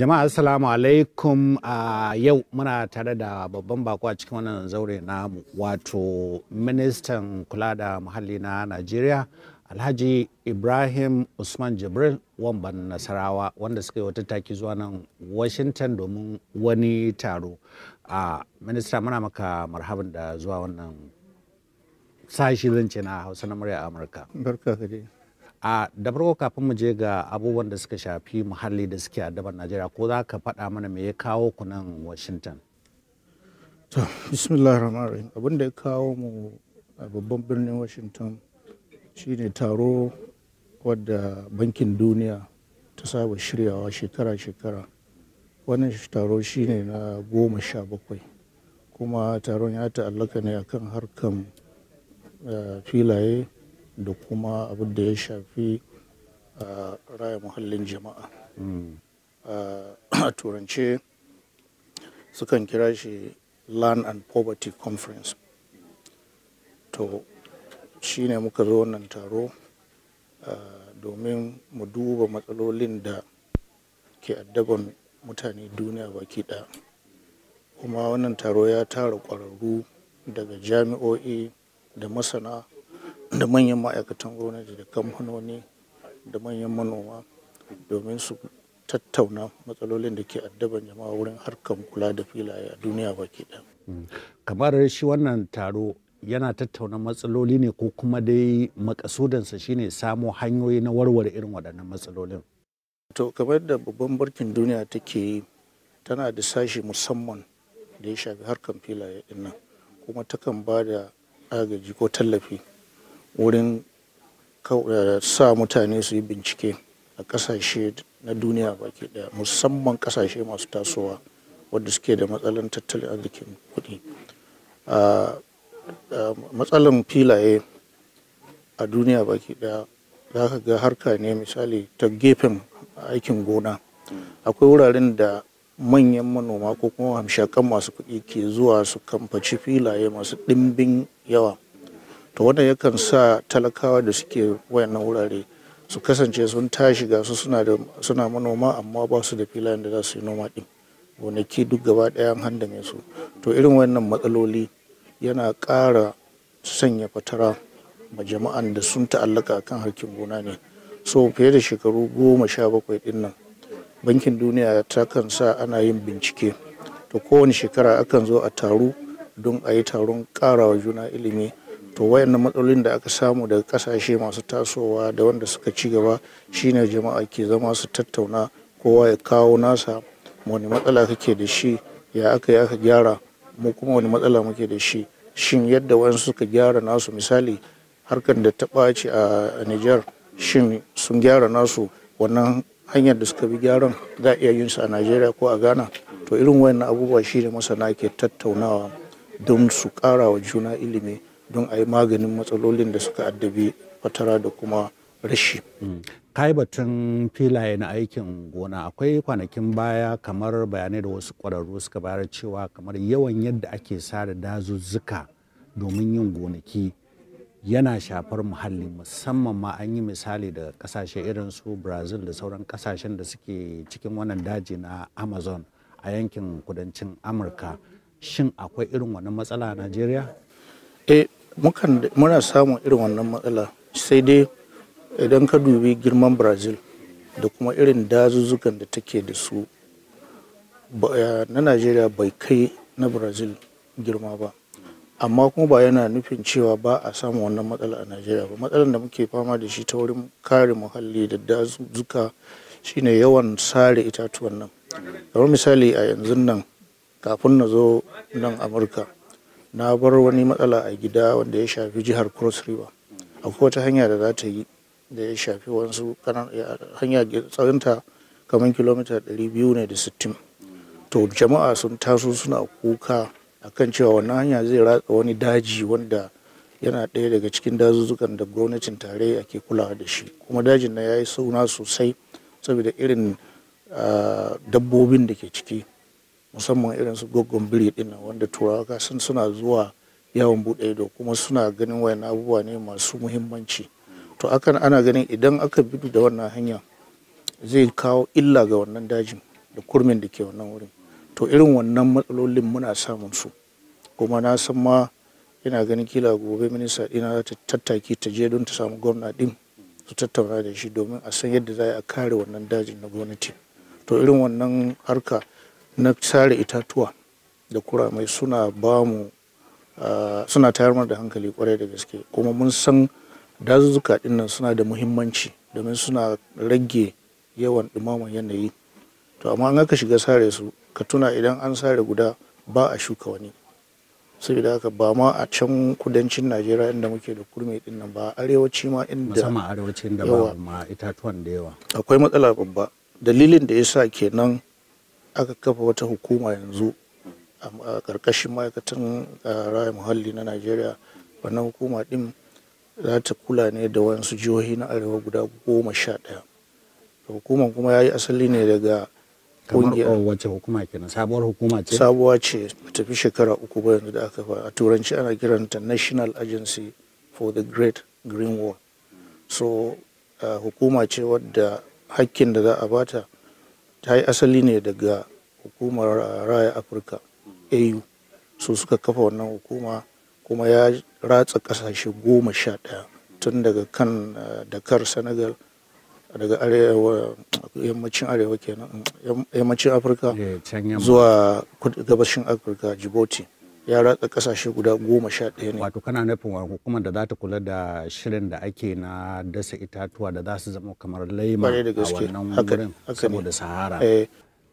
jama'a assalamu alaikum a yau muna tare da babban bako a cikin wannan zaure namu wato ministan kula da muhalli na najeriya alhaji ibrahim usman jibril wamban nasarawa wanda suka yi wata taki zuwa nan washington domin wani taro a minista muna maka marhaban da zuwa wannan sashi zance na hausa na murya amurka a da farko kafin mu je ga abubuwan da suka shafi muhalli da suke a daban najeriya ko za ka faɗa mana me ya kawo ku nan washington to ramari abin da ya kawo mu a babban birnin washington shine taro wadda bankin duniya ta saba shiryawa shekara-shekara wannan taro shine na goma sha bakwai kuma taron ya ta'allaka ne akan harkan eh, filaye da kuma abin da ya shafi raya muhallin jama'a a turance sukan kira shi land and poverty conference to shi ne muka zo wannan taro domin mu duba matsalolin da ke addaban mutane duniya baki ɗaya kuma wannan taro ya tara ƙwararru daga jami'o'i da masana da manyan ma'aikatan gwamnati da kamfanoni da manyan manoma domin su tattauna matsalolin da ke addaban jama'a wurin harkar kula da filaye a duniya baki ɗaya. Mm. kamar shi wannan taro yana tattauna matsaloli ne ko kuma dai makasudansa shine samo hanyoyi na warware irin waɗannan matsalolin to kamar da babban barkin duniya take yi tana da sashi musamman da ya shafi harkar filaye ɗin nan kuma takan ba da agaji ko tallafi wurin eh, sa mutane su yi bincike a kasashe na duniya baki daya musamman kasashe masu tasowa wadda suke da matsalan tattalin arzikin kuɗi matsalan filaye a duniya baki daya za ka ga harka ne misali ta gefen aikin gona akwai wuraren da manyan manoma ko kuma hamshakan masu kuɗi ke zuwa su kamfaci filaye masu ɗimbin yawa to wannan yakan sa talakawa da suke wayannan wurare su kasance sun tashi ga su suna manoma amma ba su da filayen da za su yi noma din gonaki duk gaba handa mai su to irin wannan matsaloli yana ƙara sanya fatara ma jama'an da sun ta'allaka kan harkin gona ne so fiye da shekaru goma sha bakwai din nan bankin duniya ta kan sa ana yin bincike to kowane shekara akan zo a taru don a yi taron ƙarawa juna ilimi to wayannan matsalolin da aka samu daga kasashe masu tasowa da wanda suka ci gaba shine jama'a ke zama su tattauna kowa ya kawo nasa wani matsala kake da shi ya aka yi aka gyara mu kuma wani matsala muke da shi shin yadda wayan suka gyara nasu misali harkar da ta ɓaci a niger shin sun gyara nasu wannan hanyar da suka bi gyaran za iya yin su a Najeriya ko a Ghana to irin wayannan abubuwa shine masana ke tattaunawa don su ƙara wa juna ilimi don a yi maganin matsalolin da suka addabi fatara da kuma rashi. Mm. kai batun filaye na aikin gona akwai kwanakin baya kamar bayanai da wasu kwararru suka bayar cewa kamar yawan yadda ake sare dazuzzuka domin yin gonaki yana shafar muhalli musamman ma an yi misali da kasashe irin su brazil da sauran kasashen da suke cikin wannan daji na amazon a yankin kudancin amurka shin akwai irin wani matsala a najeriya eh mukan muna samun irin wannan matsala sai dai idan ka dubi girman brazil da kuma irin dazuzzukan da take da su eh, na nigeria bai kai na brazil girma ba amma kuma ba yana nufin cewa ba a samun wannan matsala a nigeria ba matsalar da muke fama da shi ta wurin kare muhalli da dazuzzuka shine yawan sare itatuwan nan kamar misali a yanzu nan kafin na zo nan amurka na bar wani matsala a gida wanda ya shafi jihar cross river akwai wata hanya da za ta yi da ya shafi wasu eh, hanya tsarinta kamar kilomita 260 to jama'a sun taso suna kuka akan cewa wannan hanya zai ratsa wani daji wanda yana ɗaya daga cikin dazuzzukan da gwamnatin tarayya ke kulawa da shi kuma dajin na ya yi sauna sosai saboda irin ah, dabbobin da ke ciki musamman irin su goggon biri din wanda turawa kasan suna zuwa yawon buɗe ido kuma suna ganin wayan abubuwa ne masu muhimmanci to akan ana ganin idan aka bi da wannan hanya zai kawo illa ga wannan dajin da kurmin da ke wannan wurin to irin wannan matsalolin muna samun su kuma na san ma ina ganin kila gobe minista dina ta tattaki ta je don ta samu gwamna din su tattauna da shi domin a san yadda za a kare wannan dajin na gwamnati to irin wannan harka na sare itatuwa da kuramai suna ba mu suna tayar da hankali kwarai da gaske kuma mun san dazuzzuka dinnan suna da muhimmanci domin suna rage yawan ɗumaman yanayi to amma an aka shiga sare su ka tuna idan an sare guda ba a shuka wani saboda haka ba ma a can kudancin najeriya inda muke da kurme din nan ba arewaci ma inda musamman arewacin da ba ma itatuwan da yawa akwai matsala babba dalilin da yasa kenan aka kafa wata hukuma yanzu a ƙarƙashin ma'aikatan raya muhalli na najeriya wannan hukuma ɗin za ta kula ne da wasu jihohi na arewa guda goma sha ɗaya hukuman kuma ya yi asali ne daga kungiyar oh, wacce hukuma sabuwar hukuma ce sabuwa ce tafi shekara uku ba yanzu da aka fa a turanci ana kiranta national agency for the great green wall so hukuma ce wadda hakkin da za a bata ta yi asali ne daga hukumar uh, raya afirka au su suka kafa wannan hukuma kuma ya ratsa kasashe goma sha ɗaya tun daga kan uh, dakar senegal daga yammacin arewa kenan yammacin afirka zuwa gabashin afirka djibouti ya ratsa kasashe guda goma sha ɗaya ne. Wato kana nufin wa hukumar da za ta kula da shirin da ake na dasa itatuwa da za su zama kamar laima a wannan wurin saboda sahara. Eh.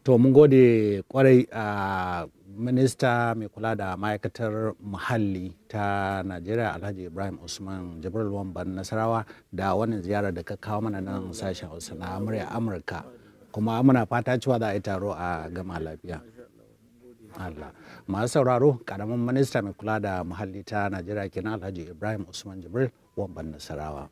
To mun gode kwarai a minista mai kula da ma'aikatar muhalli ta Najeriya Alhaji Ibrahim Usman Jibril Wamban Nasarawa da wannan ziyarar da ka kawo mana nan sashen Hausa na Amurka. Kuma muna fata cewa za a yi taro a gama lafiya. Allah. Masu sauraro karamin minista mai kula da muhalli ta Najeriya kenan Alhaji Ibrahim Usman Jibril wamban Nasarawa.